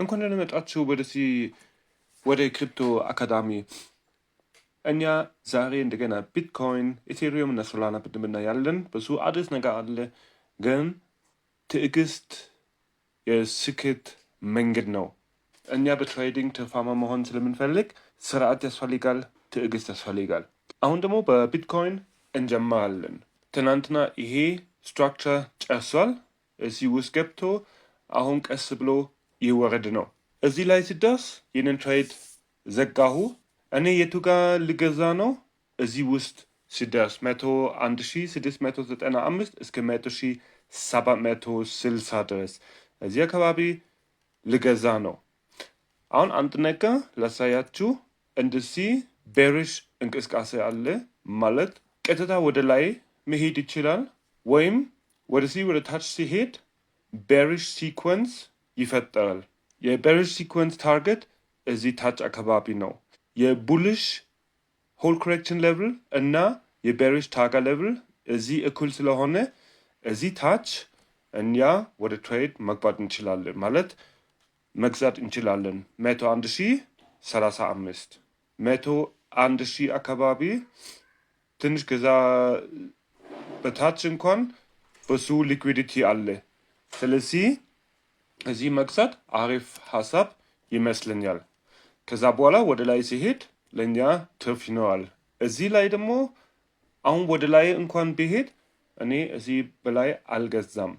እንኳን ደህና መጣችሁ ወደዚህ ወደ ክሪፕቶ አካዳሚ። እኛ ዛሬ እንደገና ቢትኮይን፣ ኢቴሪየም እና ሶላና ያለን ብዙ አዲስ ነገር አለ፣ ግን ትዕግስት የስኬት መንገድ ነው። እኛ በትሬዲንግ ትርፋማ መሆን ስለምንፈልግ ስርዓት ያስፈልጋል፣ ትዕግስት ያስፈልጋል። አሁን ደግሞ በቢትኮይን እንጀምራለን። ትናንትና ይሄ ስትራክቸር ጨርሷል። እዚህ ውስጥ ገብቶ አሁን ቀስ ብሎ ይወረድ ነው። እዚህ ላይ ሲደርስ ይህንን ትሬድ ዘጋሁ። እኔ የቱ ጋር ልገዛ ነው? እዚህ ውስጥ ሲደርስ 1695 እስከ 1760 ድረስ እዚህ አካባቢ ልገዛ ነው። አሁን አንድ ነገር ላሳያችሁ። እንደዚህ ቤሪሽ እንቅስቃሴ አለ ማለት ቀጥታ ወደ ላይ መሄድ ይችላል፣ ወይም ወደዚህ ወደ ታች ሲሄድ ቤሪሽ ሲኮንስ ይፈጠራል። የቤሪሽ ሲኩዌንስ ታርጌት እዚህ ታች አካባቢ ነው። የቡልሽ ሆል ኮሬክሽን ሌቭል እና የቤሪሽ ታጋ ሌቭል እዚህ እኩል ስለሆነ እዚህ ታች እኛ ወደ ትሬድ መግባት እንችላለን ማለት መግዛት እንችላለን። መቶ አንድ ሺ ሰላሳ አምስት መቶ አንድ ሺ አካባቢ ትንሽ ገዛ በታች እንኳን በሱ ሊኩዊዲቲ አለ። ስለዚህ እዚህ መግዛት አሪፍ ሀሳብ ይመስለኛል። ከዛ በኋላ ወደ ላይ ሲሄድ ለእኛ ትርፍ ይኖራል። እዚህ ላይ ደግሞ አሁን ወደ ላይ እንኳን ብሄድ እኔ እዚህ በላይ አልገዛም።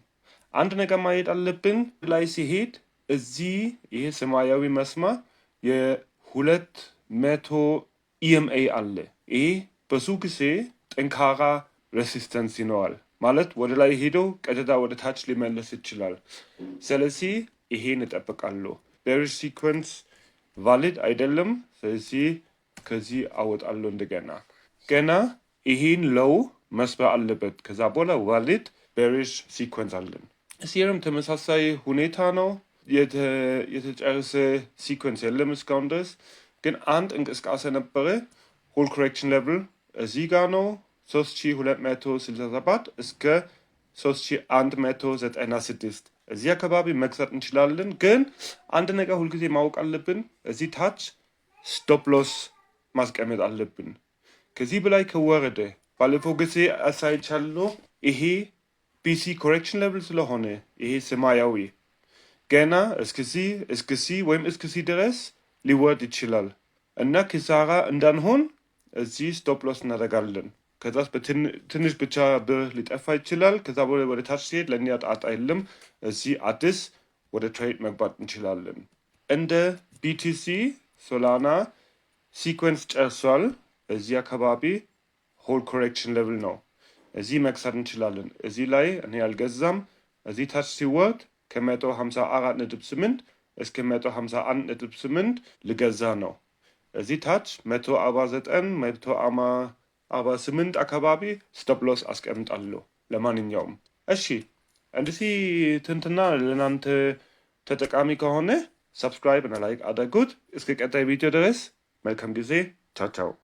አንድ ነገር ማየት አለብን። ላይ ሲሄድ እዚህ ይሄ ሰማያዊ መስማ የሁለት መቶ ኢኤምኤ e አለ። ይሄ ብዙ ጊዜ ጠንካራ ሬሲስተንስ ይኖራል። ማለት ወደ ላይ ሄደው ቀጥታ ወደ ታች ሊመለስ ይችላል። ስለዚህ ይሄን እጠብቃለሁ። ዴሪሽ ሲኮንስ ቫሊድ አይደለም። ስለዚህ ከዚህ አወጣለሁ። እንደገና ገና ይሄን ለው መስበር አለበት። ከዛ በኋላ ቫሊድ ቤሪሽ ሲኮንስ አለን። ሲርም ተመሳሳይ ሁኔታ ነው። የተጨረሰ ሲኮንስ የለም እስካሁን ድረስ ግን አንድ እንቅስቃሴ ነበረ። ሆል ኮሬክሽን ሌቭል እዚህ ጋር ነው። 3267 እስከ 3196 እዚህ አካባቢ መግዛት እንችላለን። ግን አንድ ነገር ሁልጊዜ ማወቅ አለብን። እዚህ ታች ስቶፕ ሎስ ማስቀመጥ አለብን። ከዚህ በላይ ከወረደ ባለፈው ጊዜ አሳይቻለሁ። ይሄ ቢሲ ኮሬክሽን ሌቭል ስለሆነ ይሄ ሰማያዊ ገና እስከዚህ እስክሲ ወይም እስከዚህ ድረስ ሊወርድ ይችላል እና ኪሳራ እንዳንሆን እዚህ ስቶፕ ሎስ እናደርጋለን። ከዛስ ትንሽ ብቻ ብር ሊጠፋ ይችላል። ከዛ ወደ ታች ሲሄድ ለእኛ ጣጣ የለም። እዚህ አዲስ ወደ ትሬድ መግባት እንችላለን። እንደ ቢቲሲ ሶላና ሲኮንስ ጨርሷል። እዚህ አካባቢ ሆል ኮሬክሽን ሌቭል ነው። እዚህ መግዛት እንችላለን። እዚህ ላይ እኔ አልገዛም። እዚህ ታች ሲወርድ ከመቶ ሀምሳ አራት ነጥብ ስምንት እስከ መቶ ሀምሳ አንድ ነጥብ ስምንት ልገዛ ነው። እዚህ ታች መቶ አርባ ዘጠኝ መቶ አማ አባ ስምንት አካባቢ ስቶፕሎስ አስቀምጣለሁ ለማንኛውም። እሺ እንደዚህ ትንትና ለእናንተ ተጠቃሚ ከሆነ ሰብስክራይብ እና ላይክ አድርጉት። እስከ ቀጣይ ቪዲዮ ድረስ መልካም ጊዜ። ቻቻው